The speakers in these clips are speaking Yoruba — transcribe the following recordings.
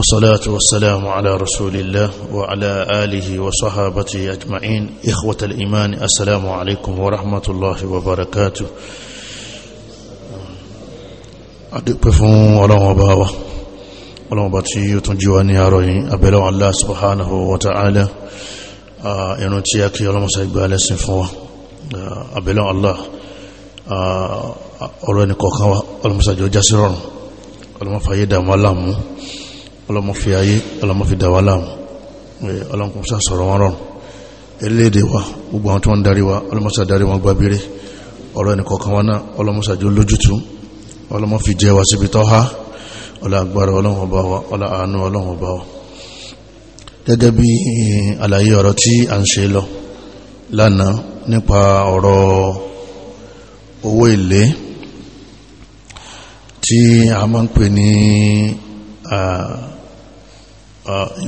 والصلاة والسلام على رسول الله وعلى آله وصحابته أجمعين إخوة الإيمان السلام عليكم ورحمة الله وبركاته أدق فون ولو باوا ولو باتي يتنجواني أروي أبلو الله سبحانه وتعالى ينوتيك يلوم سيبا لسن فوا أبلو الله أولوني كوكاوا ولمساجو جاسرون ولمفايدا ملامو ọlọ́mọ fi ayé ọlọ́mọ fi dàwà láàmú ọlọ́mọ sá sọ̀rọ̀ wọn rọrùn eléèdè wa gbogbo àwọn tó ń darí wa ọlọ́mọ sá darí wọn gbàbíire ọ̀rọ̀ ẹnì kọ̀ọ̀kan wa náà ọlọ́mọ sá jó lójútùú ọlọ́mọ fi jẹ wa síbi tọ́ha ọlá agbára ọlọ́mọ bá wa ọlá àánú ọlọ́mọ bá wa gẹ́gẹ́ bí eh, àlàyé ọ̀rọ̀ tí a ń ṣe lọ lánàá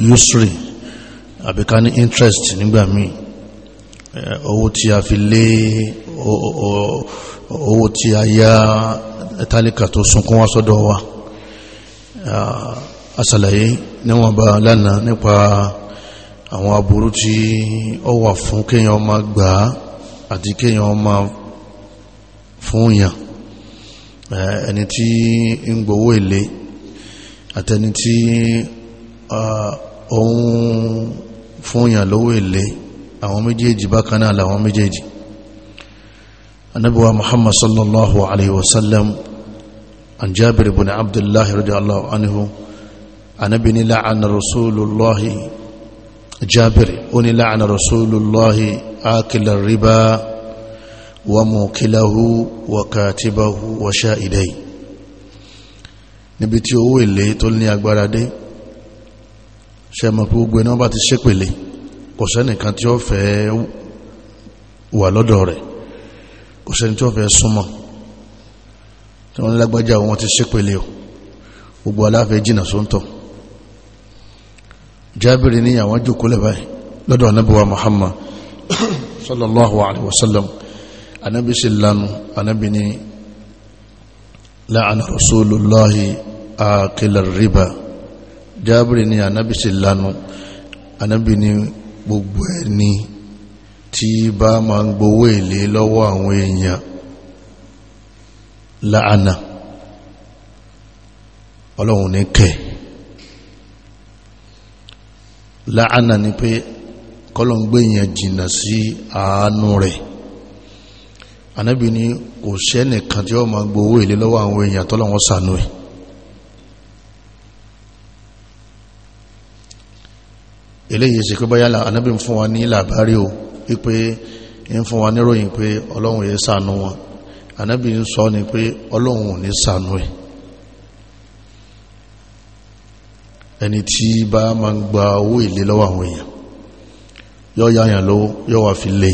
yusri uh, àbí ká ní interest nígbà míì uh, owó tí a fi lé owó tí a yá tálíkà tó sunkún wá sọ́dọ̀ wa uh, asàlàyé níwọ̀n bá lánàá nípa àwọn aburú tí ó wà fún kéèyàn máa gbà á àti kéèyàn máa fún yàn ẹni tí ń gbowó èlé àtẹni tí Ah, òun fúnyàn lówó èlé àwọn méjèèjì bákan náà làwọn méjèèjì anabuwa muhammad sallallahu alaihi wasallam an jabir ibn abdullahi radiyallahu anhu anabi ni la'ana rasulullahi jabir ó ní la'ana rasulullahi akilar riba wa mukilahu wa katibahu wa sha'idayi níbi tí owó èlé tó ní agbára dé ṣe mọ̀ pé gbogbo iná bá ti ṣépèlé kò sẹ́nìkan tí ó fẹ́ wà lọ́dọ̀ rẹ̀ kò sẹ́ni tí ó fẹ́ súnmọ́ tí wọ́n lágbájá wọn ti ṣépèlé o gbogbo aláfẹ́ jìnà sóńtọ̀ jábìrì ní àwọn jòkólẹ̀ báyìí lọ́dọ̀ anábíwa Muhammad sallallahu alaihi wasallam anábí sí lanu anábí ní la'ana rasulullahi akilar riba jábìrì ní anábì sí lanu anábì ní gbogbo ẹni tí bá ma ń gbowó èlé lọ́wọ́ àwọn èèyàn láàánà ọlọ́run ní kẹ́ láàánà ni pé kọ́lọ̀ ń gbé èèyàn jìnnà sí àánú rẹ̀ anábì ní kò sẹ́nìkan tí ó ma gbowó èlé lọ́wọ́ àwọn èèyàn tọ́lọ́wọ́ sànú ẹ̀ eléyìí ṣe pé bóyá anábì ń fún wa ní làbárí o wípé ń fún wa níròyìn pé ọlọ́run yẹ sànú wọn anábì ń sọ ni pé ọlọ́run ò ní sànú ẹ̀ ẹni tí bá máa ń gba owó èlé lọ́wọ́ àwọn èèyàn yọ yáyàn lówó yọ wà fi lè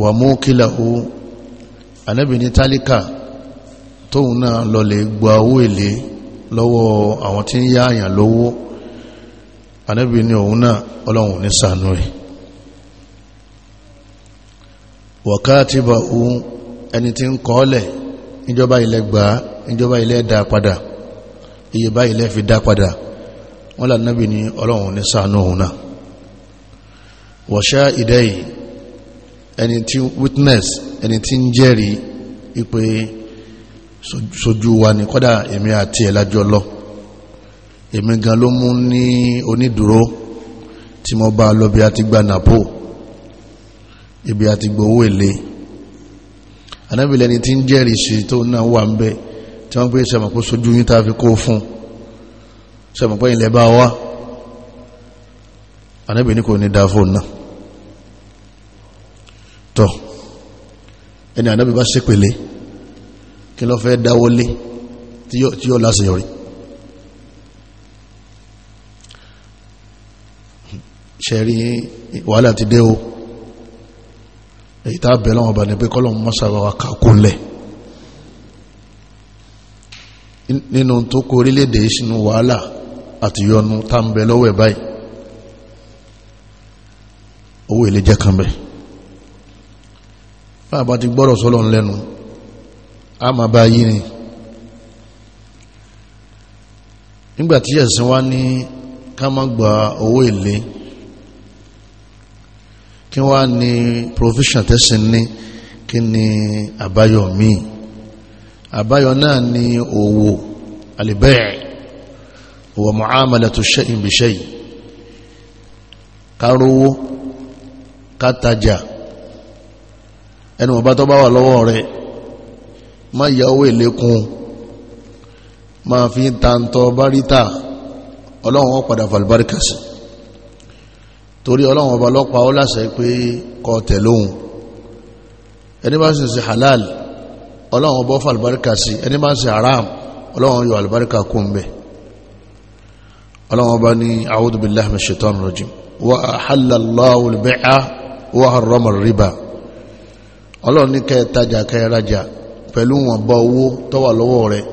wà mú kílà ó anábì ní tálíkà tóun náà lọ lè gba owó èlé lọ́wọ́ àwọn tí ń yáyàn lówó anábì ní òun náà ọlọ́run ní sànú ẹ̀ wọ̀kátìbà òun ẹni tí ń kọ́ọ́lẹ̀ níjọba ilẹ̀ gbà níjọba ilẹ̀ dá padà iye bá ilẹ̀ fi dá padà wọ́n là nábì ní ọlọ́run ní sànú òun náà wọ̀ṣá ìdẹ́yìí ẹni tí witness ẹni tí ń jẹ́rìí ipe sojú wa ní kọ́dà èmi àti ẹ̀ lájọ́ èmi gan ló mú ní onídùúró tí mo bá lọ bí a ti gba nàpó ibi a ti gbowó èlé anábìlẹ̀ ni tí ń jẹ́rìí sí tó náà wà ń bẹ tí wọ́n pè sẹ́mọ̀ kó sojú yín tá a fi kó fún sẹ́mọ̀ pé bá wá anábì kò ní dá fóònù náà tọ́ ẹni anábì bá ṣépele kí ló fẹ́ dáwọ́lé tí yóò lásìyọrí ṣẹ̀rí wàhálà ti dé o èyí tá a bẹ̀rẹ̀ wọn bá ní pé kọ́lọ̀ mọ́sàbà wa kàkó lẹ̀ nínú tó kó orílẹ̀-èdè sínú wàhálà àti yọnu tá ẹ̀ báyìí owó ilé jẹ́ kan bẹ̀ bá a ti gbọ́rọ̀ sọ́lọ̀ lẹ́nu a máa bá yí ni nígbàtí ẹ̀sìn wá ní ká má gba owó èlé kí wá ní provision tẹ́sìn ní kí ni àbáyọ míì àbáyọ náà ni òwò alìbẹ́ẹ̀ òwò mu'amalatu shay'in bi shay' kárówó kátajà ẹnu ọba tó bá wà lọ́wọ́ rẹ̀ má yá owó ìlékún máa fi ń ta ń tọ́ bárítà ọlọ́run ó padà fàlùbáríkà sí torí ọlọ́run ọba lọ́pàá ó láṣẹ pé kó tẹ̀lóhun ẹni bá ń ṣe halal ọlọ́run ọba fà àlùbáríkà sí ẹni bá ń ṣe haram ọlọ́run yọ àlùbáríkà kún ń bẹ̀ ọlọ́run ọba ní a'udhu billahi minash shaitani rajim wa ahalla Allahu al-bay'a wa harrama ar-riba ọlọ́run ní kẹ́ tajà kẹ́ rajà pẹ̀lú wọn bá owó tó wà lọ́wọ́ rẹ̀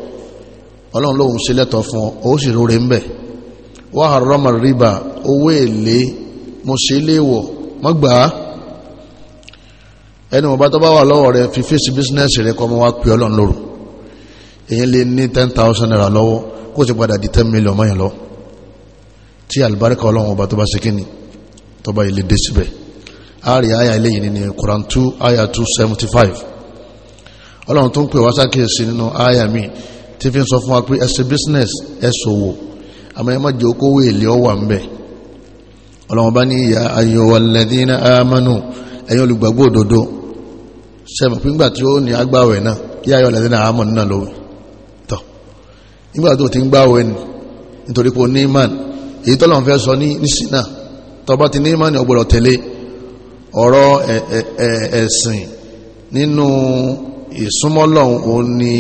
ọlọ́run lóhun sílẹ̀tọ̀ fún ọ ó sì rúre ń bẹ̀ wa harrama ar-riba owó èlé mo ṣe léèwọ̀ mọ́ gbà á ẹni wọ́n bá tọ́ bá wà lọ́wọ́ rẹ̀ fi fèsì bísínẹ́sì rẹ̀ kọ́ mọ́ wá pè ọlọ́run lóru èyí lè ní ten thousand naira lọ́wọ́ kó ti padà di ten million mọ́yàn lọ tí àlùbáríkà ọlọ́run ọba tó bá ṣe kíni tó bá ilé dé síbẹ̀ àárí àyà eléyìí ní Quran two àyà two seventy five ọlọ́run tó ń pè wá sákèésí nínú àyà mi tí fi ń sọ fún wa pé ẹ ṣe business ẹ ṣòwò àmọ́ ẹ má jẹ́ okòwò ọlọ́wọ́n bá ní ìyá ayyọ̀wàlẹ́dínà àmánù ẹ̀yin olùgbàgbọ́ òdodo sẹ́mọ̀ píngbà tí ó ní agbáwẹ̀ náà kí ayyọ̀lẹ́dínà àmánù náà lówẹ̀ tọ́ nígbà tó ti ń gbáwẹ̀ ni nítorí pé ní imán èyí tọ́lọ̀ fẹ́ sọ ní nísìnà tọba ti ní imán ọgbọ̀rọ̀ tẹ̀lé ọ̀rọ̀ ẹ̀sìn nínú ìsúnmọ́lọ́hun ó ní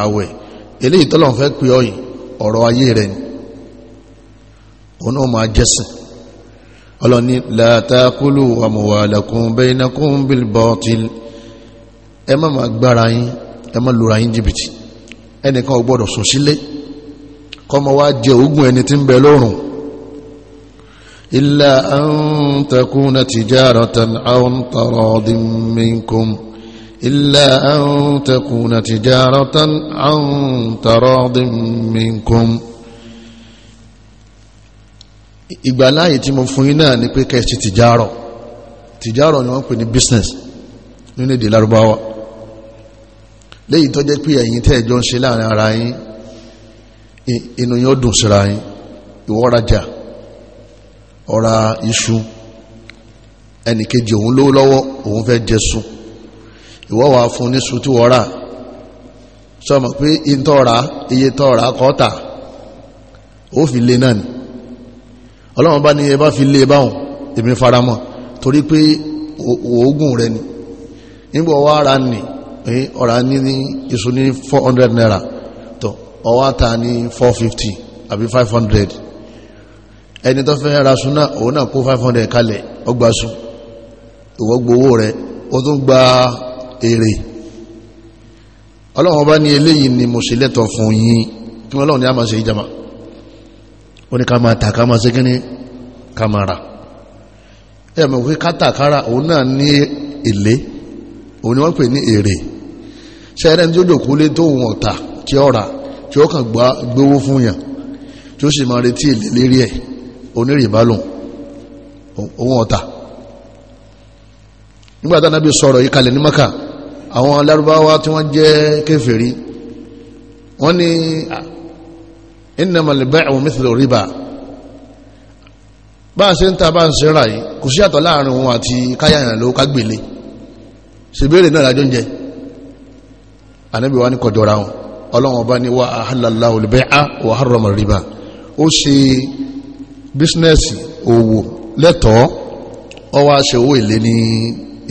àwẹ̀ ọlọ́ni la taakulu amwalakum bainakum bil batil ẹ má ma gbára yín ẹ má lura yín jìbìtì ẹnìkan ò gbọ́dọ̀ sùn sílé kọ́mọ wá jẹ ogún ẹni tí ń bẹ lọ́rùn illa an takuna tijaratan aw taradin minkum illa an takuna tijaratan aw taradin minkum ìgbàláyè tí mo fún yín náà ni pé kẹ́ẹ̀sì tìjárọ̀ tìjárọ̀ ni wọ́n pè ní business nínú èdè lárúbáwá léyìí tó jẹ́ pé ẹ̀yin tẹ́ ẹjọ́ ń ṣe láàrin ara yín inú yóò dùn síra yín ìwọ rajà ọ̀ra iṣu ẹnìkejì òun lówó lọ́wọ́ òun fẹ́ jẹsùn ìwọ wàá fún níṣu tí wọ́n rà sọmọ pé ìtọ́ra iye tọ́ra kọ́ta ó fi lé náà ni ọlọ́run bá ní ẹ bá fi lé e báhùn èmi faramọ́ torí pé oògùn rẹ ni nígbà ọwọ́ ara nì ọ̀rá ní ní ní 400 naira tọ ọwọ́ ata ní 450 àbí 500 ẹni tó fẹ́ ra sùn náà òun náà kó 500 kalẹ̀ ọgbà sùn ìwọ gbowó rẹ ó tún gba èrè ọlọ́run bá ní eléyìí ni mo ṣe fún yín kí ní ìjàmbá ó ní ká máa tà máa ṣe kí ni ká máa rà ẹ mọ̀ pé kátàkárà òun náà ní èlé òun ni wọ́n pè ní èrè ṣẹ́rẹ́ ní tó jòkó lé tó wọn ọ̀tà tí ó rà tí ó kàn gbówó fún yàn tí ó sì máa retí èlé lérí ẹ̀ onírìbálòun òun ọ̀tà nígbàtà nábi sọ̀rọ̀ yìí kalẹ̀ ní maka àwọn alárúbáwá tí wọ́n jẹ́ kèfèrí wọ́n ní innamal bai'u mithlu riba bá a ṣe ń ta bá ń ṣe rà yìí kò sí àtọ̀ láàrin wọn àti káyàyàn ló kágbèlé ṣèbéèrè náà lájọ́ ń jẹ ànábì wa ní kọjọra wọn ọlọ́wọ́n bá ní wa ahallallahu al-bai'a wa harrama riba ó ṣe bísínẹ́sì òwò lẹ́tọ̀ọ́ ó wá ṣe owó èlé ní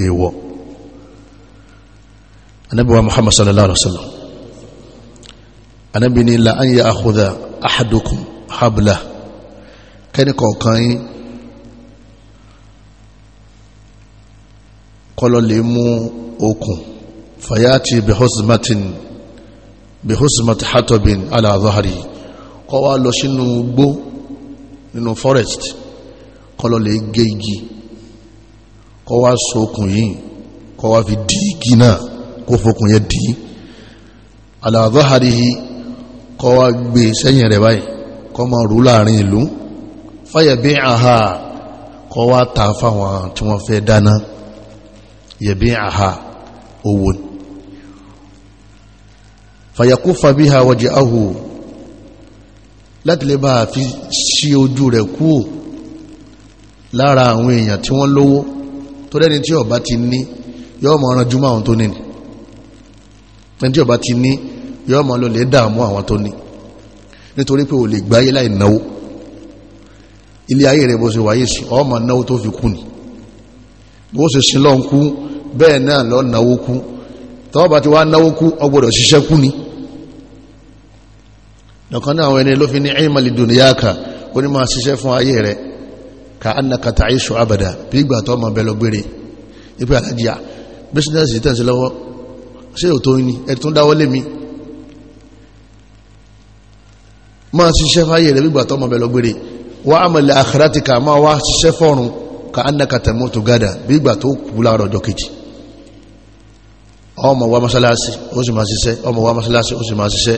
èèwọ̀ ànábì wa muhammad sallallahu alaihi wa sallam anábì ní la an yà àkúdà ahadukum habla kẹ́ni kọ̀ọ̀kan yín kọ́lọ̀ lè mú okùn fayati bihusmatin bihusmat hatobin ala zahari kọ́ wá lọ sínú gbó nínú forest kọ́lọ̀ lè gé igi kọ́ wá so okùn yìí kọ́ wá fi dí igi náà kó fokùn yẹn dí ala zaharihi kọ́ wá gbé sẹ́yìn rẹ̀ báyìí kọ́ máa rú láàrin ìlú fáyẹ̀bí àhà kọ́ wá ta fáwọn tí wọ́n fẹ́ dáná yẹ̀bí àhà owó fàyàkú fàbí ha wọ́jì áhù láti lè bá fi sí ojú rẹ̀ kú lára àwọn èèyàn tí wọ́n lówó tó dẹ́ni tí ọba ti ní yọ́ mọ̀ ọ̀ràn jùmọ̀ àwọn tó ní ni tí ọba ti ní yọ́ ma lọ lè dààmú àwọn tó ní nítorí pé o lè gbáyé láì náwó ilé ayé rẹ̀ bó ṣe wáyé sí ọmọ náwó tó fi kú ni bó ṣe sí lọ́n kú bẹ́ẹ̀ náà lọ náwó kú tọ́ọ̀bá ti wá náwó kú ọgbọ̀dọ̀ ṣiṣẹ́ kú ni lọ́kàn náà àwọn ẹni ló fi ní ìmàlì dùnìyàkà ó ní máa ṣiṣẹ́ fún ayé rẹ̀ ka annaka ta'ishu abada bí ìgbà tó ma bẹ lọ gbére ipò alájíà bísínẹ́sì tẹ̀sí lọ́wọ́ ṣé òtó ni ẹ̀ tún dáwọ́ lé mi Ma ṣiṣẹ́ fáyé rẹ̀ gbígbà tọ́mọ̀ bẹ̀lọ gbére wà ámàlẹ̀ àkàràtìkà máa wá ṣiṣẹ́ fọ́run ka annaka tamutu gada gbígbà tó kú láàrọ̀ ọjọ́ kejì ọmọ wa masalasi ó sì máa ṣiṣẹ́ ọmọ wa masalasi ó sì máa ṣiṣẹ́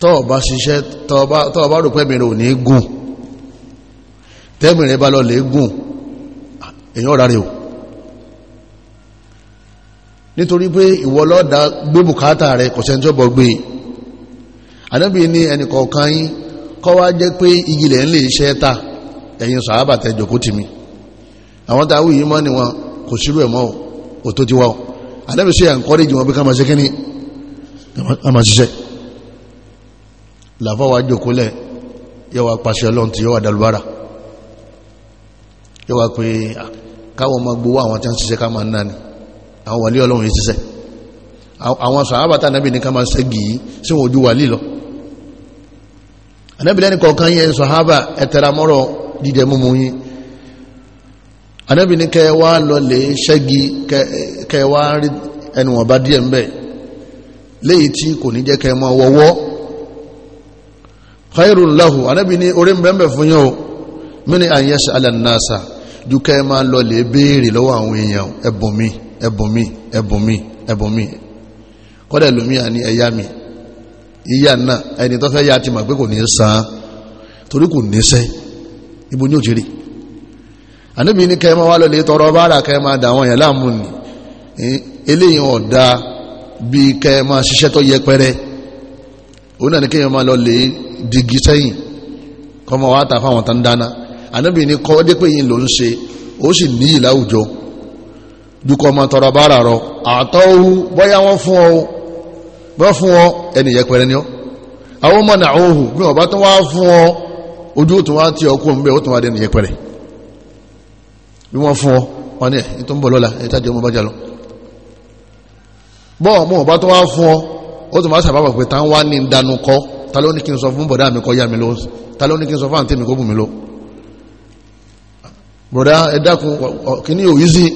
tọ́ọ̀bá ṣiṣẹ́ tọ́ọ̀bá rò pẹ́mìrì ò ní gùn tẹ́mìrì bá lọ lè gùn èyàn ọ̀rá rẹ̀ o nítorí pé ìwọ gbé bùkátà rẹ̀ kọ̀ṣẹ́ńtọ́bọ̀ gbé ànábì ní ẹnì kọ̀ọ̀kan yín kọ́ wá jẹ́ pé igi lẹ̀ ń lè ṣẹ́ ta ẹ̀yin sàábà tẹ jòkó tì mí àwọn tá a wù yìí mọ́ ni wọn kò sírú ẹ̀ mọ́ o òtó ti wá o ànábì ṣe àǹkọ́rẹ́jì wọn bí ká máa ṣe kíní ká máa ṣiṣẹ́ làfọ́ wa jòkó lẹ̀ yọ wa pàṣẹ ọlọ́run tí yọ wa dalubára yọ wa pé ah, káwọn máa gbowó àwọn tí wọ́n ṣiṣẹ́ ká máa ń náni àwọn wàlí ọlọ́run yìí ṣiṣẹ́ àwọn sàábà tá ànábì ní ká máa ṣẹ́gi yìí sí wọn ojú wàlí lọ anábìlẹ́ni kọ̀ọ̀kan yẹn sọ̀hábà ẹ̀tẹ̀ra mọ́rọ̀ jíjẹ múmú yín anábìlẹ́ni kẹwa lọlẹ̀ ṣẹ́gi kẹwa rí ẹnuwọ̀n bá díẹ̀ ń bẹ̀ léyìí tí kò ní jẹ́ kẹmọ wọ́wọ́ khairun lahu anábìlẹ́ni orí ń bẹ́ẹ̀ fún yín o mini àyẹ̀ṣẹ́ alẹ́nàṣà ju kẹma lọlẹ̀ béèrè lọ́wọ́ àwọn èèyàn ẹ̀bùn mi ẹ̀bùn mi ẹ̀bùn mi ẹ̀bùn mi kọ́dẹ̀ lómi àní ìyá náà ẹni tó fẹ́ yá ti mọ̀ pé kò ní san torí kò ní sẹ́ ibo ní òjìrì àníbi ní kẹ́ máa wá lọ́lẹ̀ tọrọ bára kẹ́ máa dà yẹn láàmú ni eléyìí ọ̀dà bíi kẹ́ máa ṣiṣẹ́ tó yẹpẹrẹ òun náà ni kẹ́ máa lọ́lẹ̀ digi sẹ́yìn kọ́ máa wá ta fáwọn tán dáná àníbi ní kọ́ dé pé yìí ló ń ṣe ó sì níyì láwùjọ dukọ̀ máa tọrọ bára rọ àtọ́wù bọ́yá wọ́n fún ọ bá fún ọ ẹni yẹpẹrẹ ni ọ àwọn ọmọ náà òhù bí wọn bá tún wá fún ọ ojú òtún wá tí ọkọ mbẹ òtún wá dẹni yẹpẹrẹ bí wọn fún ọ wọn ni ẹ tó ń bọ lọla ẹ tájọ ọmọ bá jà lọ bọ́ọ̀ mọ̀ bá tún wá fún ọ ó tún bá sàbábà pé tá wá ní ìdánù kọ́ ta ló ní kí n sọ fún bọ̀dá mi kọ́ yá mi lọ ta ló ní kí n sọ fún àǹtí mi kó bù mí lọ bọ̀dá ẹ dákun kí ni òyìí sí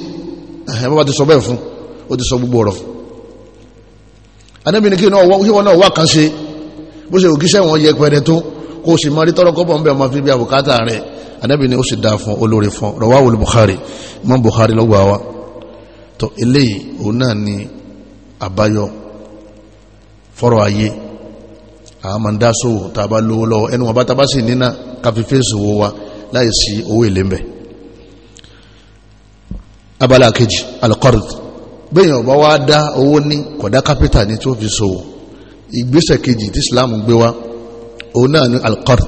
ẹ bá ti sọ bẹ́ẹ̀ fún ó ti sọ gbogbo ọ̀rọ̀ fún anábìnrin kí wọn náà wà kàn ṣe bó ṣe òkíṣẹ́ wọn yẹ pẹrẹ tó kó o sì mọ rí tọrọ kọ́bọ̀ ń bẹ̀ ọmọ fi bí àbùkátà rẹ̀ anábìnrin ó sì dáa fún olórí fún rawahu Bukhari mọ́ Bukhari lọ́gbà wa tó eléyìí òun náà ni àbáyọ fọ́rọ̀ ayé àwọn máa ń dá sówò tá a bá lówó lọ́wọ́ ẹnu wọn bá tá a bá sì nínà káfí fèsì wo wa láì sí owó èlé ń abala kejì alqard bẹ́yìn ọba wa dá owó ní kọ̀dá kápítà ní tó fi ṣòwò ìgbésẹ̀ kejì tí Islam gbé wa òun náà ní alqard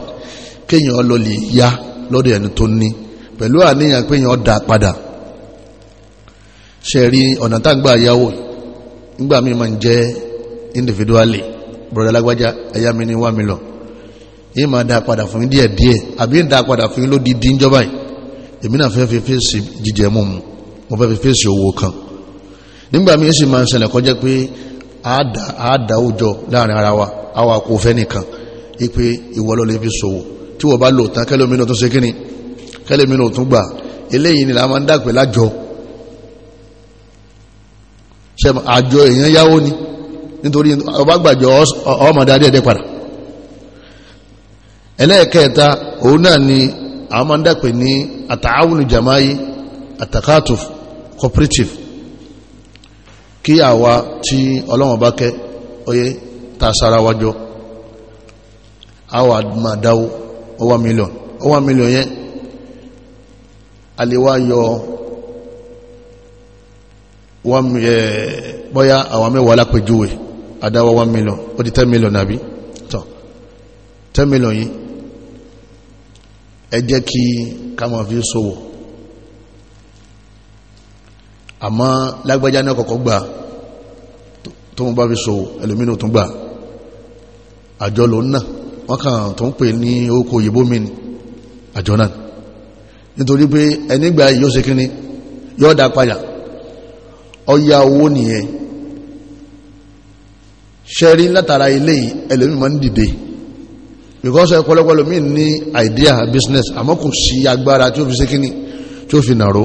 kéèyàn ọlọ́lẹ̀ ya lọ́dọ̀ ẹni tó ní pẹ̀lú àníyàn pé èèyàn dá padà ṣe rí ọ̀nà tágbà yáwó nígbà míì máa ń jẹ́ individually brother lágbájá ẹ̀yà mi ní one million yìí máa dá padà fún díẹ̀ díẹ̀ àbí ń dá padà fún lódìdí ń jọba yìí èmi náà fẹ́ fi fèsì jíjẹ mú mu mo fẹ́ fi fèsì owó kan nígbà míì sì máa ń ṣẹlẹ̀ kọjá pé àádá àádá òjò láàrin ara wa àwa kò fẹ́ nìkan ipe ìwọ ló lè fi ṣòwò tí wọ́n bá lò tán kẹ́lòmínú tó ṣe kíni kẹ́lòmínú tó gbà eléyìí ni la máa lájọ àjọ èèyàn yáwó ni nítorí ọba gbàjọ ọmọdé adéẹ̀dẹ́ padà ẹlẹ́ẹ̀kẹta òun náà ni àwọn máa ń dàpẹ́ ní àtàáwùn jàmáyé àtàkàtù cooperative kí àwa tí ọlọ́wọ̀n bá kẹ́ oyé ta sára wájọ́ àwa máa dáwó ọwá mílíọ̀n ọwá mílíọ̀n yẹn a lè wá yọ eh, bọ́yá àwa mẹ́wàá lápẹjúwe adáwọ́ 1 million ó di 10 million nàbí tán 10 million yìí ẹ kí ká máa fi ṣòwò àmọ́ lágbájá náà kọ̀kọ́ gbà tó mú bá fi so ẹlòmínú tó gbà àjọ lòun náà wọ́n kàn tó ń pè ní oko òyìnbó mi àjọ náà nítorí pé ẹnigbà yóò ṣe kíní yóò dá padà ọya owó nìyẹn ṣẹ́rí látara ilé ẹlòmí máa ń dìde because ẹ̀pọ̀lọpọ̀ ẹlòmí ní idea business àmọ́ kò sí agbára tí ó fi ṣe kíní tí ó fi nàró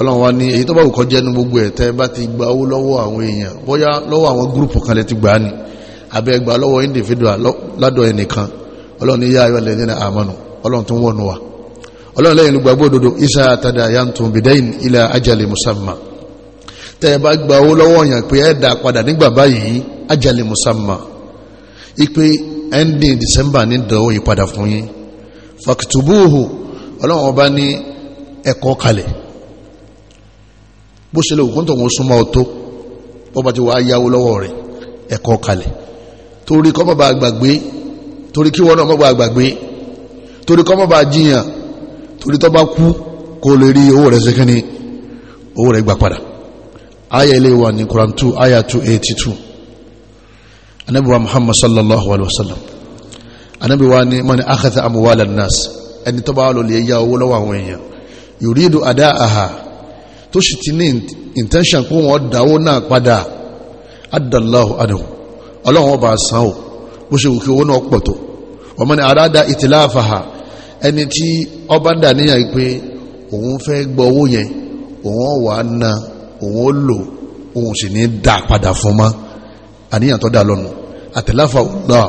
ọlọ́run wa ní èyí tó bá wù kó jẹ́ ní gbogbo ẹ̀ tẹ́ bá ti gba owó lọ́wọ́ àwọn èèyàn bóyá lọ́wọ́ àwọn gúrùpù kan lẹ ti gbà á ni àbẹ́ gba lọ́wọ́ individual ládọ̀ ẹnìkan ọlọ́run ní yá ayọ́ lẹ́yìn àmọ́nù ọlọ́run tó ń wọ̀nù wa ọlọ́run lẹ́yìn olùgbàgbọ́ òdodo isa atada yantun bidain ila ajali musamma tẹ́ bá gba owó lọ́wọ́ èèyàn pé ẹ̀ dà padà nígbà báyìí ajali musamma ipe ending december ní dọ̀wọ́ yìí padà fún yín fakitubuhu ọlọ́run ọba ní ẹ̀kọ́ kalẹ̀ bó ṣe lè òkú tó wọn súnmọ́ ọtó wọ́n bá ti wá yáwó lọ́wọ́ rẹ̀ ẹ̀kọ́ kalẹ̀ torí kọ́ mọ́ba àgbàgbé torí kí wọ́n náà mọ́ba àgbàgbé torí kọ́ mọ́ba jiyàn torí tọ́ kú kó lè rí owó rẹ̀ ṣẹ́kẹ́ ni owó rẹ̀ gbà padà aya ilé wa ní Quran 2 aya 282 anabi wa Muhammad sallallahu alaihi wasallam anabi wa ni mani akhadha amwala nas ẹni tó bá lò lọ́wọ́ àwọn èèyàn yuridu adá'aha tó sì ti ní intention kó wọn dáwó náà padà adàláhù adàhù ọlọ́run ọba san o bó ṣe wùkí owó náà pọ̀ tó ọmọ ni àràdà ìtìláàfàhà ẹni tí ọba dà níyà pé òun fẹ́ gbọ́ owó yẹn òun wà á na òun ó lò òun sì ní dà padà fún ma àníyàn tó dà lọ́nu àtìláàfà ọ̀la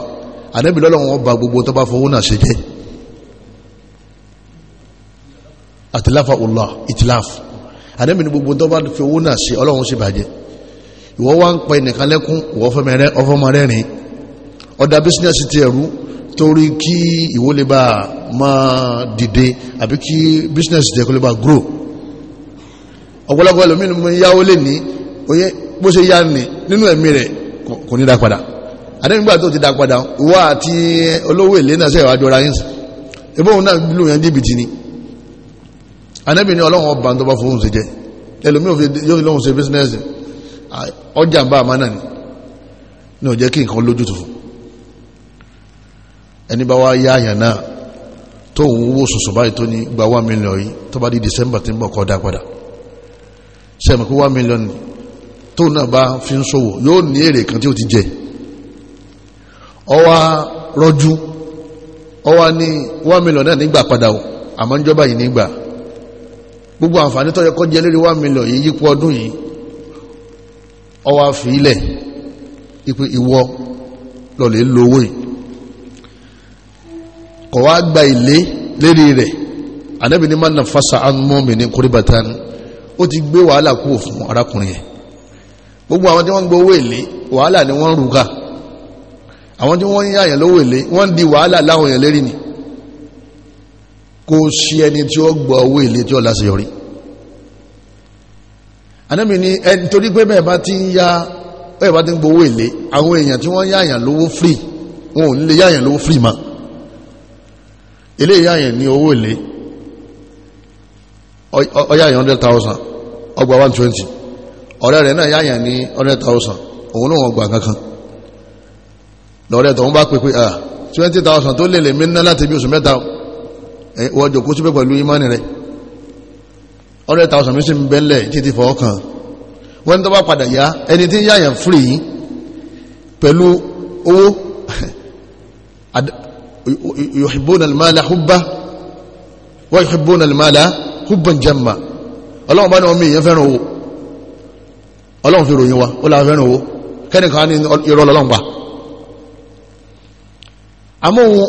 àdẹ́bí lọ́lọ́run ọba gbogbo tó bá fowó náà ṣe jẹ́ àtìláàfà ọ̀la ìtìláàfà àdẹ́mì ní gbogbo tó bá fi owó náà ṣe ọlọ́run sì bàjẹ́ ìwọ wá ń pa ẹnìkan lẹ́kún ìwọ fọmọ rẹ́rìn ọ̀dà bísíǹnẹ̀sì ti ẹ̀rú torí kí ìwọ lè bá máa dìde àbí kí bísíǹnẹ̀sì ti ẹ̀kọ́ lè bá grow ọ̀pọ̀lọpọ̀ ẹlòmínú yáwó lè ní oyé bó ṣe yá ni nínú ẹ̀mí rẹ̀ kò ní dá padà àdẹ́mì gbà tó ti dá padà ìwọ àti olówó èlé sẹ́yìn wájú ọ̀rá anábì ní ọlọ́run ọba tó bá fóun ṣe jẹ ẹlòmí yóò fi lóhun ṣe bísínẹ́sì ọjà ń bá àmà náà ni ní òjẹ́ kí nǹkan lójútù fún ẹni bá wá yá àyàn náà tó ń wó sùsù báyìí tó ní gba one million yìí tó bá di december tí ń bọ̀ kọ́ dá padà sẹ́mi kó one million tó náà bá fi ń ṣòwò yóò ní èrè kan tí ó ti jẹ ọwá rọjú ọwá ní one million náà nígbà padà àmọ́ ń yìí nígbà gbogbo àǹfààní tó yẹ kó jẹ lérí one million yìí yípo ọdún yìí ọwọ́ àfi ilẹ̀ ipe ìwọ lọ́lẹ̀ lówó yìí kọ̀ wá gba ilé lérí rẹ̀ ànábì ní má fásà án ní kúrìbàtà ni ó ti gbé wàhálà kúrò fún arákùnrin yẹn gbogbo àwọn tí wọ́n ń gbowó èlé wàhálà ni wọ́n ń rúgà àwọn tí wọ́n ń yáyàn lówó èlé wọ́n ń di wàhálà láwọn yẹn lérí ni kò sí ẹni tí ó gbọ́ owó ilé tí ó láṣeyọrí anábì ni ẹni torí pé bẹ́ẹ̀ bá ti ń ya bẹ́ẹ̀ bá ti ń gbowó ilé àwọn èèyàn tí wọ́n yáàyàn lówó free wọn ò ní lè yáàyàn lówó free mọ́ ilé yáàyàn ní owó ilé ọyáàyàn hundred thousand ọgbà one twenty ọ̀rẹ́ rẹ̀ náà yáàyàn ní hundred thousand òun náà wọ́n gbà kankan lọ́rẹ́ tó ń bá pè twenty thousand tó lè lè mí ná láti bí oṣù mẹ́ta o wọ́n jòkó síbẹ̀ pẹ̀lú imani rẹ̀ ọ̀rẹ́ tàwọn mísì ń bẹ́lẹ̀ títí fọ́ ọkàn wọ́n tó bá padà yá ẹni tí yáyàn fúrì yìí pẹ̀lú owó yuhibbuna al-mala hubba wa yuhibbuna al-mala hubban jamma ọlọ́run bá ní ọmọ èèyàn fẹ́ràn owó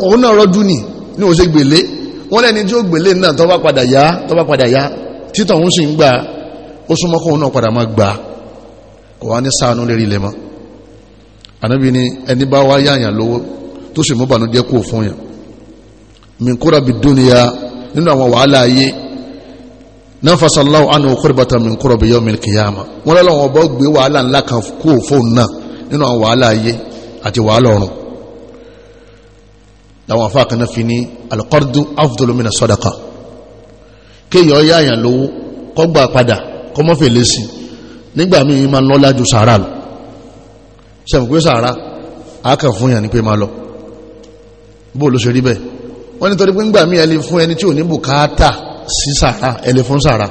ọlọ́run ṣe gbèlé wọ́n lẹ́ni tí ó gbélé náà tó bá padà yá tó bá padà yá títọ̀ òun sì ń gbà ó súnmọ́ kóun náà padà máa gbà kò wá ní sáànú lérí ilẹ̀ mọ́ ànábì ni ẹni bá wá yáàyàn lówó tó sì mú bànújẹ́ kó fún yàn min kúrò bí dúnìyà nínú àwọn wàhálà ayé náà fasaláwo àná òkúrò bàtà min kúrò bí yọmìn kìyàmà wọn lọ́wọ́ bọ́ gbé wàhálà ńlá kan kó fóun náà nínú àwọn wàhálà ayé àti wàhálà ọ̀run làwọn afa kan fi ní alikọ́rọ́dún afdol mina sọ́dọ̀kà kéèyàn ọ̀yá àyàn lówó kọ́gbà padà kọ́mọ́fẹ́ lẹ́sìn nígbà míì máa ń lọ́lá ju sàárà lọ sẹ́mi pé sàárà á kàn fún yàn ní pé máa lọ bó ló ṣe rí bẹ́ẹ̀ wọ́n ní torí pé ńgbà míì ẹ lè fún ẹni tí ò ní bùkátà sí sàárà ẹ lè fún sàárà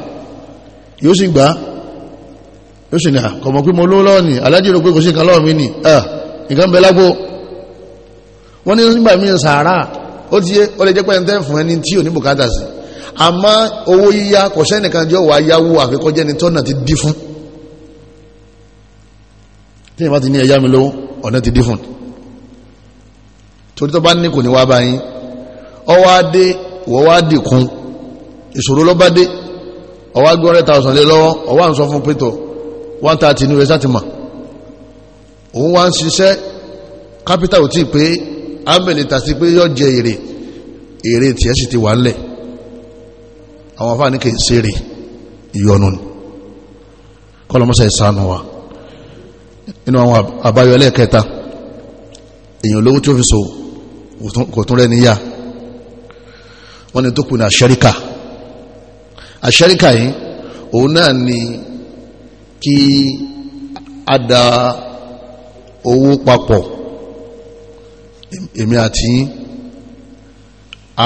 yóò sì gbà yóò sì ní àkọ́mọ́ pé ni alájẹ́ rò kò sí nǹkan mi ni nǹkan bẹ́ẹ̀ lágbo wọ́n ní nígbà míì sàárà ó ti yé ó lè jẹ́ pé ẹ̀ńtẹ́ fún ẹni tí ò ní bùkátà sí àmọ́ owó yíyá kò sẹ́nìkan jọ wà yáwó àfikọ́jẹ́ ni tọ́nà ti dí fún tí ìbá ti ní ẹ̀yá mi lówó ọ̀nà ti dí fún torí tó bá ní kò ní wá báyìí ọwọ́ adé ìwọ́ wá dìkún ìṣòro ló bá dé ọwọ́ agbé ọ̀rẹ́ tàwọn lé lọ́wọ́ ọwọ́ à fún pétọ̀ wọ́n ta ti ní rẹ̀ sátìmọ̀ òun wá ń ṣiṣẹ́ kápítà ò tí ì pé ábẹ̀ni tàti pé yọ jẹ èrè èrè tí ẹ sì ti wà lẹ̀ àwọn afá ní kì í ṣeré ìyọnu ni kọlọmọsẹ ìsànù wa inú àwọn àbáyọ ẹlẹ́ẹ̀kẹta èèyàn lówó tí ó fi so kò tún rẹ̀ níyà wọ́n ni tó kù ní àṣẹ́ríkà àṣẹ́ríkà yìí òun náà ni kí a da owó papọ̀ èmi àti yín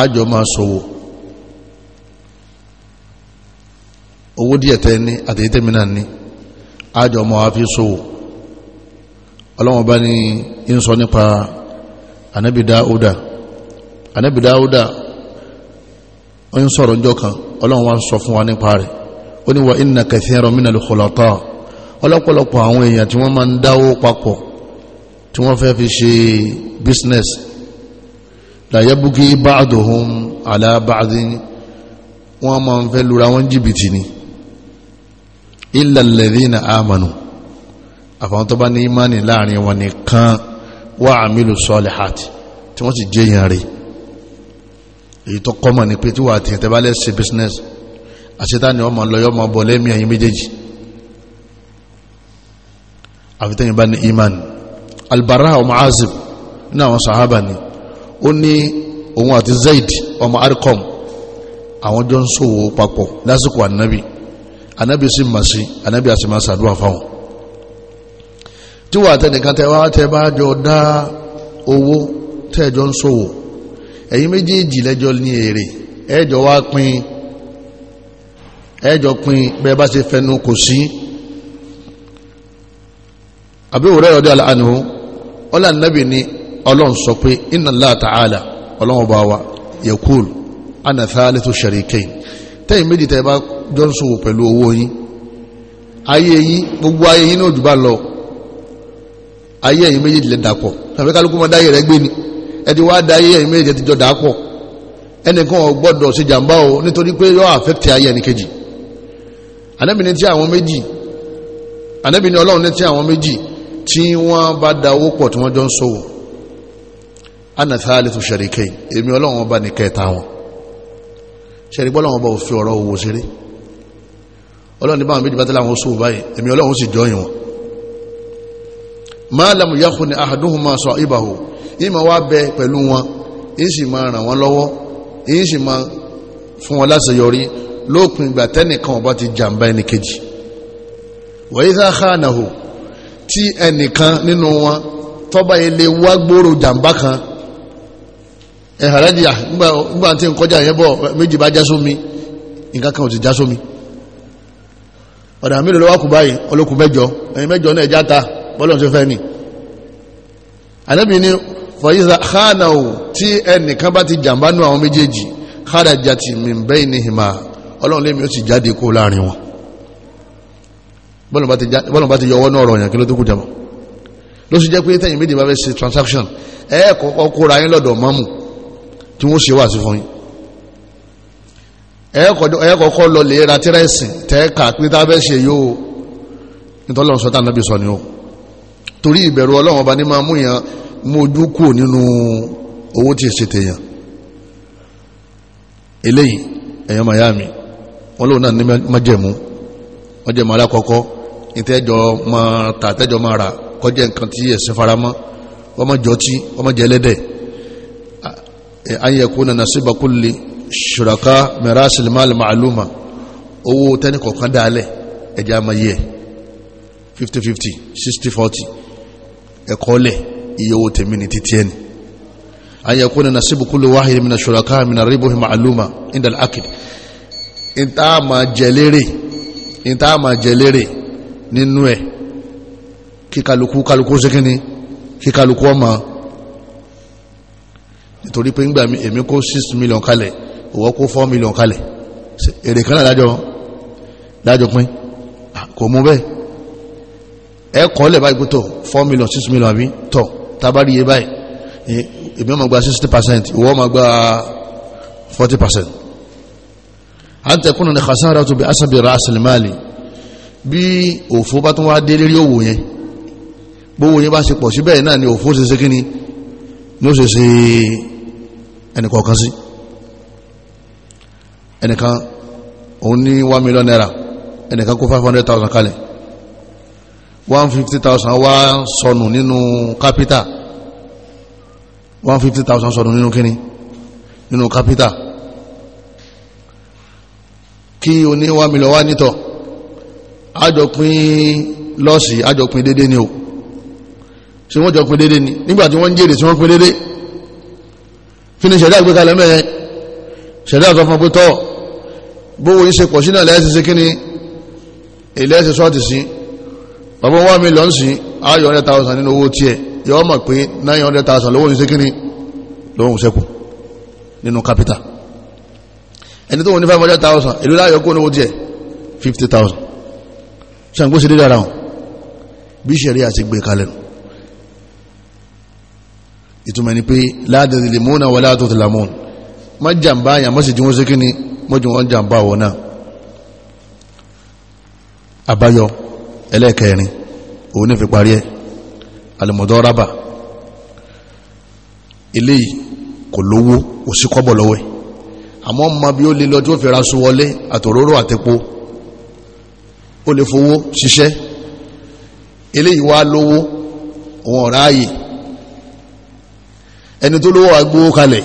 àjọ máa ṣòwò owó díẹ̀ tẹ́ ní àtẹ̀yí tẹ́mi náà ní àjọ máa wá fi ṣòwò ọlọ́wọ́n bá ní ń sọ nípa anabi dáúdà anabi dáúdà ó ń sọ̀rọ̀ ọjọ́ kan ọlọ́wọ́n wá sọ fún wa nípa rẹ̀ ó ní wa inna kathiran minal khulata ọlọ́pọ̀lọpọ̀ àwọn èèyàn tí wọ́n máa ń dáwó papọ̀ tí wọ́n fẹ́ fi ṣe business la yabuki ba'duhum ala ba'din wọ́n máa ń fẹ́ lura wọn jìbìtì ni illa alladhina amanu àfàwọn tó bá ní imani láàrin wọn nìkan wa amilu salihati tí wọ́n sì jẹ́ yàn rèé èyí tó kọ́mọ̀ ní pé tí wà tìyàn tẹ́bálẹ̀ sí business àṣetáni ọmọ lọ yọmọ bọ̀ lẹ́mí ẹ̀yìn méjèèjì àfitẹ́yìn bá ní iman albara ọmọ azib ní àwọn sahaba ni ó ní òun àti zaid ọmọ arkom àwọn jọ ń ṣòwò papọ̀ lásìkò ànábì ànábì sì mà sí ànábì àti mà sàdúrà fáwọn tí wà tẹnìkan tẹ wá tẹ bá jọ dá owó tẹ́ẹ̀jọ ń ṣòwò ẹ̀yin méjèèjì lẹ́jọ́ ní èrè ẹ̀ẹ́jọ wá pín ẹ̀ẹ́jọ pín bẹ́ẹ̀ bá ṣe fẹnu kò sí àbí òwúrẹ́ ọdẹ àlàánú ọlá nàbì ni ọlọ́run sọ pé inna Allah ta'ala ọlọ́run bá wa yakul ana thalithu sharikain tẹ́yìn méjì tẹ́ bá jọ ń sòwò pẹ̀lú owó yín ayé yín gbogbo ayé yín náà jù bá lọ ayé ẹ̀yin méjèèjì lè dàpọ̀ tàbí kálukú máa dáyé rẹ̀ gbé ni ẹ ti wá dá ayé ẹ̀yin méjèèjì ti jọ dàpọ̀ ẹnìkan ò gbọ́dọ̀ ṣe jàǹbá o nítorí pé yóò affect ayé ẹnìkejì ànábì ní ti àwọn méjì ànábì ní ọlọ́run ní ti àwọn méjì tí wọ́n bá dáwó pọ̀ tí wọ́n jọ ń ṣòwò ana thalithu sharikain èmi ọlọ́run ọba ní kẹta wọn ṣẹ̀rígbọ́ ọlọ́run ọba ò fi ọ̀rọ̀ owó ṣeré ọlọ́run ní báwọn méjì bá tẹ́lá àwọn ṣòwò báyìí èmi ọlọ́run sì jọyìn wọn ma lam yakhun ahaduhuma sahibahu ìmọ̀ wá bẹ pẹ̀lú wọn ìyí sì máa ràn wọ́n lọ́wọ́ ìyí sì máa fún wọn láṣeyọrí lópin ìgbà tẹ́nìkan ọba ti jàǹbá ẹnìkejì wa idha khanahu tí ẹnìkan nínú wọn tọ́ba ilé wá gbòòrò jàǹbá kan ẹ̀ hàrẹ́dìyà nígbà tí n kọjá yẹn bọ̀ méjì bá já sómi nǹkan kan ò ti já sómi ọ̀dà mélòó lọ́wọ́ kù báyìí olókùn mẹ́jọ ẹ̀yìn mẹ́jọ náà ẹja ta bọ́lọ̀ tó fẹ́ ni ànábì ni fọyíṣà hánà ò tí ẹnìkan bá ti jàǹbá nú àwọn méjèèjì hádàjà ti mìíràn bẹ́ẹ̀ ni hìmà ọlọ́run lémi ó sì jáde kó láàrin wọn bọ́lọ̀ bá ti yọ ọwọ́ náà rọ̀yàn kí ló tó kù jàmọ́ ló sì jẹ́ pé tẹ̀yìn méjì bá fẹ́ ṣe transaction ẹ kọ́kọ́ kóra yín lọ́dọ̀ mọ́mù tí wọ́n ṣe wà sí fún yín ẹ kọ́kọ́ lọ lè ra tírẹ́sì tẹ́ẹ̀ka pé tá a fẹ́ ṣe yóò nítọ́lọ́run sọ́tà nábì sọ ni ó torí ìbẹ̀rù ọlọ́run ọba ní máa mú yàn mú ojú kù nínú owó tí ì ṣe eléyìí ẹ̀yàn miami wọn lóun náà ní májẹ̀mú májẹ̀mú alákọ̀ọ́kọ́ ìtẹ́jọ máa tà tẹ́jọ máa rà kọjá nǹkan tí ẹ̀sìn faramọ́ ọmọ jọtí ọmọ jẹlẹ́dẹ̀ ayẹkùnà nasiba kulli ṣùràká mẹ́rásìlì máàlì màálùmá owó tẹ́ni kọ̀ọ̀kan dálẹ̀ ẹja máa yẹ 50-50 60-40 ẹ̀kọ́lẹ̀ iye owó tèmi ní títí ẹni ayẹkùnà nasiba kulli wáhìrì mìnà ṣùràká mìnà ríbùhì màálùmá indal akid ìta máa jẹ lérè ìta máa jẹ nínú ẹ̀ kí kálukú kálukú ṣe kíni kí kálukú ọmọ nítorí pé ńgbà èmi kó six million kalẹ̀ òwò kó four million kalẹ̀ èrè kan náà dájọ́ dájọ́ pín kò mú bẹ́ẹ̀ ẹ kọ́ lẹ̀ báyìí tó four million six million àbí tọ̀ tábàrí yé báyìí èmi ọmọ gba sixty percent ìwọ ọmọ gba forty percent. àǹtẹ̀kùnrin ni khasaratu bi asabi ra'asil mali bí òfó bá tún wá dé lérí òwò yẹn gbówó yẹn bá ṣe pọ̀ síbẹ̀ náà ni òfó ṣe ṣe kíni ni ó ṣe ṣe ẹnìkọ̀ọ̀kan sí ẹnìkan òun ní one million naira ẹnìkan kó five hundred thousand kalẹ̀ one fifty thousand wá sọnù nínú capital one fifty thousand sọnù nínú kíni nínú capital kí o ní one million wá nítọ̀ àjọpín lọ́ọ̀sì àjọpín dédé ni o ṣe wọ́n jọpín dédé ni nígbàtí wọ́n ń jèrè tí wọ́n pín dédé kí ni ṣẹ̀dá gbé kalẹ̀ mẹ́yẹn ṣẹ̀dá sọ fún pé tọ́ bówó yìí ṣe pọ̀ sínú àlẹ́ ẹ̀sìn kí ni èlé ẹ̀sìn sọ́ọ̀tì sí bàbá wa mílíọ̀n sí ayọ̀ hundred thousand nínú owó tiẹ̀ yọ ọmọ pé nine hundred thousand lówó yìí ṣe kí ni lówó ṣẹ́kù nínú capital ẹni tó wọn ní five hundred thousand èlú láyọ̀ kó ní owó tiẹ̀ fifty thousand ṣàǹgbó sí dédé ara wọn bí ṣẹ̀rí àti gbé kalẹ̀ ìtumọ̀ ni pé láàdẹ̀dẹ̀ lè múnà wà láàtò tó làmún má jàǹbá àyàn mọ́sí jí wọ́n sí kíní mọ́jú wọn jàǹbá wọn náà àbáyọ ẹlẹ́ẹ̀kẹrin òun ní fi parí ẹ alìmọ̀dọ́ rábà eléyìí kò lówó kò sí kọ́bọ̀ lọ́wọ́ àmọ́ mọ bí ó lè lọ tí ó fi ra sọ wọlé àtòróró àtẹpo ó lè fowó ṣiṣẹ́ eléyìí wá lówó òun ọ̀ráàyè ẹni tó lówó agbówó kalẹ̀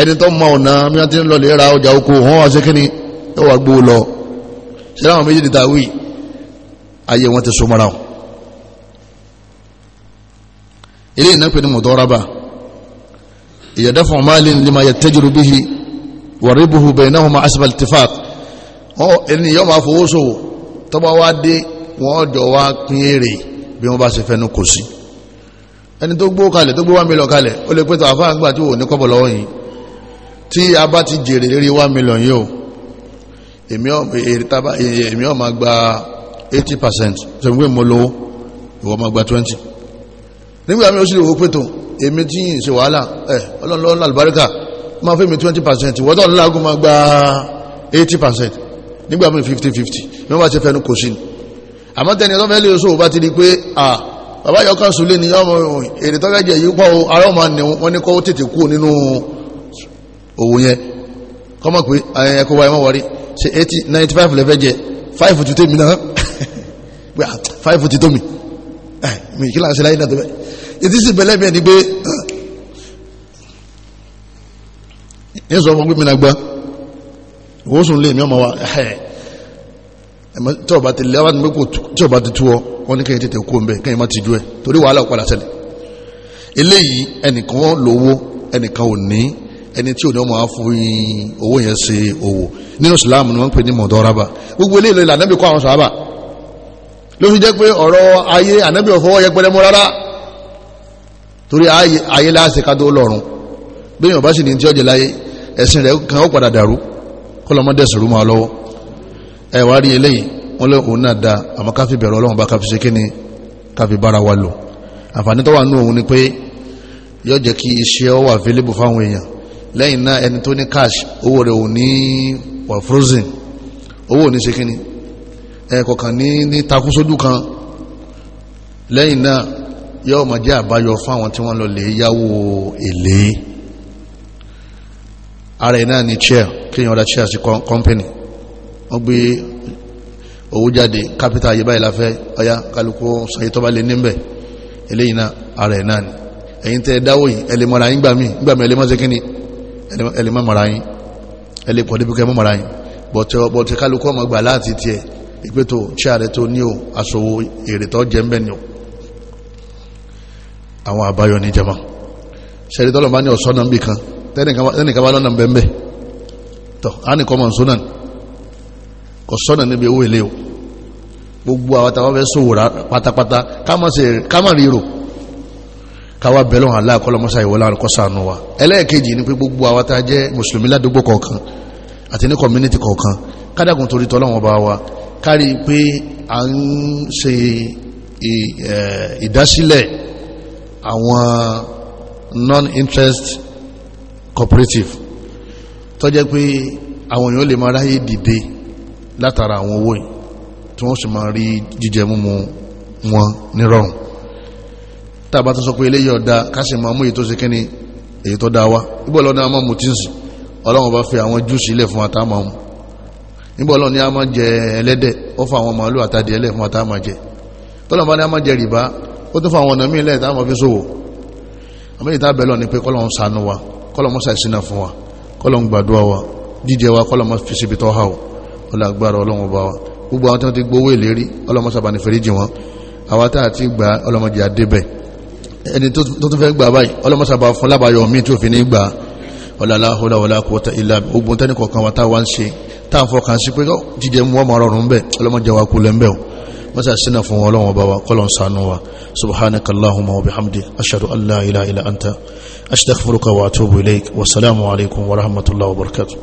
ẹni tó mọ ọ̀nà mìíràn tí ń lọ lè ra ọjà oko wọn wá sí kíni ó wà gbówó lọ ṣe láwọn méjì dìtà wí ayé wọn ti so mọ́ra eléyìí náà pè ní mọ̀tọ́rábà ìyàdáfọ̀ máàlì lima yattajiru bihi wàríbuhu baynahuma asbal tifaq ẹni yọ máa fowó ṣòwò tọ́ba wá dé wọ́n jọ wá pín èrè bí wọ́n bá ṣe fẹ́nu kò sí ẹni tó gbó kalẹ̀ tó gbé wá mílíọ̀n kalẹ̀ ó lè pẹ́tọ̀ àfáà ńgbà tí wò ní kọ́bọ̀ lọ́wọ́ yìí tí a bá ti jèrè lérí wá mílíọ̀n yìí o èmi ọ̀ máa gba 80 percent tó ń gbé mo lówó ìwọ máa gba 20 nígbà mi ó sì lè wò pẹ́tọ̀ èmi tí yìí ṣe wàhálà ẹ̀ ọlọ́run lọ́wọ́ àlùbáríkà máa fẹ́ mi 20 percent ìwọ́tọ̀ ńlágún máa gba percent nígbà mi 50 ni wọ́n bá ti fẹnu kò sí ni àmọ́ tẹni ọ̀tọ́ fẹ́ẹ́ lè sọ bá ti di pé bàbá yọkà sùlẹ̀ ni ọmọ èrè tó fẹ́ jẹ yìí pọ̀ ara ọmọ ni wọ́n ní kó tètè kú nínú òwò yẹn kọ́mọ̀ pé ẹ̀kọ́ wa ẹ̀ mọ̀ wọrí ṣe eighty ninety five lẹ́fẹ́ jẹ five tó tèmi náà pé five tó mi mi kí láǹṣẹ́ láyé náà tó bẹ́ẹ̀ ètí sì bẹ̀lẹ́ mi ẹ̀ ni pé ní sọ fún pé mi náà gbá òwò sùn lé mi ọmọ wa ẹ̀ẹ́ tí ọba ti lẹ́wà ní pé tí ọba ti tú ọ wọ́n ní kẹ́yìn tètè kó ń bẹ̀ kẹ́yìn má ti ju ẹ̀ torí wàhálà ọ̀padà ṣẹlẹ̀ eléyìí ẹnìkan lówó ẹnìkan ò ní ẹni tí ò ní ọmọ afọyín owó yẹn ṣe owó nínú Islam ni wọ́n ń pè ní mọ̀dọ́rábà gbogbo eléyìí lọ ilẹ̀ anábì kọ́ àwọn sàábà ló fi jẹ́ pé ọ̀rọ̀ ayé anábì ọ̀fọwọ́ yẹpẹrẹ mọ́ rárá torí ayé láàṣẹ ká tó lọ́rùn bí èèyàn sì ní tí ọjà láyé ẹ̀sìn rẹ̀ kan ó padà dàrú kọ́lọ́mọdé sùrù máa ẹ wá rí eléyìí wọ́n lé òun náà da àmọ́ káfí bẹ̀rẹ̀ ọlọ́run bá káfí ṣe kí ni káfí bára wa lò àǹfààní tó wà nínú òun ni pé yóò jẹ́ kí iṣẹ́ ọ wà available fáwọn èèyàn lẹ́yìn náà ẹni tó ní cash owó rẹ̀ ò ní wà frozen owó ò ní ṣe kí ni ẹ kọ̀ọ̀kan ní ní takúsójú kan lẹ́yìn náà yóò máa jẹ́ àbáyọ fáwọn tí wọ́n lọ lè yáwó èlé ara ẹ̀ náà ni chair kéèyàn ọ̀dà chair sí company ọ gbé owó jáde kápítà ayé ọya kálukú sọyí tọ́ba lè níbẹ̀ eléyìí ara ẹ̀ náà ni ẹ̀yin tẹ́ dáwọ́ yìí ẹlẹ́ mọ́ra yín gbà mí gbà mí ẹlẹ́ mọ́ sẹ́kínì bọ̀tẹ́ ọmọ gbà láti tiẹ̀ o aṣòwò èrè tó jẹ́ mbẹ́ o àwọn àbáyọ ní jama tọ́lọ̀ bá ní kan tẹ́nìkan bá lọ́nà mbẹ́mbẹ́ tọ́ á kò sọ́nà níbi owó ilé o gbogbo àwọn tàwọn fẹ́ sòwò rà pátápátá kámà ríro káwà bẹ̀rẹ̀ wọn aláàkọ́lọ́mọ́sá ìwọlá àrùkọ́sànù wa ẹlẹ́ẹ̀kejì ni pé gbogbo àwọn tá jẹ́ mùsùlùmí ládùúgbò kọ̀ọ̀kan àti ní kọ̀mínítì kọ̀ọ̀kan kádàkùn torí tọ́lọ́wọ́n bá wa kárí pé a ń ṣe ìdásílẹ̀ àwọn non-interest cooperative tó jẹ́ pé àwọn èèyàn lè máa ráyè dìde látara àwọn owó yìí tí wọ́n sì máa rí jíjẹ múmu wọn nírọ̀rùn tàbá tó sọ pé eléyìí ọ̀dá kásì máa mú èyí tó ṣe kíni èyí tó dá wa ibò lọ́dún àmọ́ mu tí ń sìn ọlọ́run bá fi àwọn júùsì ilẹ̀ fún àtàmà mu ibò lọ́ni a máa jẹ ẹlẹ́dẹ̀ ó fa àwọn màálù àtàdé ẹlẹ́ fún àtàmà jẹ tọ́lọ́ bá ní a máa jẹ rìbá ó tó fa àwọn ọ̀nà míì lẹ́yìn táwọn fi ṣòwò àmì ìta bẹ̀lọ́ ni pé kọ́lọ́run ọlágbára ọlọ́run ọba wa gbogbo àwọn tí wọ́n ti gbowó ìlérí ọlọ́mọsàbà ní fèrèjì wọn àwa tá àti gbà ọlọ́mọdé àdébẹ̀ ẹni tó tún fẹ́ gbà báyìí ọlọ́mọsàbà fún lábàáyọ míì tí ò fi ní gbà ọ̀làláhùlà ọ̀làkùwọ́tà ìlà ogun tẹ́ni kọ̀ọ̀kan wa táwa ń ṣe táà fọkàn sí pé oh, jíjẹ mú ọmọ ọrọ̀rùn bẹ́ẹ̀ ọlọ́mọdé wa kú lẹ́ńbẹ̀ o masa sina fún ọlọ́run ọba wa kọlọ̀ sànú wa subhanakallahumma wa bihamdi ashhadu an la ilaha illa anta astaghfiruka wa atubu ilayk wa salamu alaykum wa rahmatullahi wa barakatuh